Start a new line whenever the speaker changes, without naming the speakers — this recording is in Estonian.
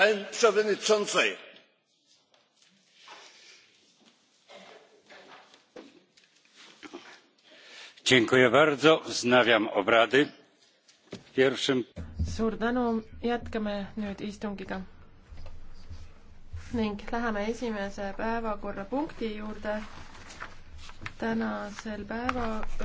pani przewodniczącej!
suur tänu jätkame nüüd istungiga ning läheme esimese päevakorrapunkti juurde tänasel päeva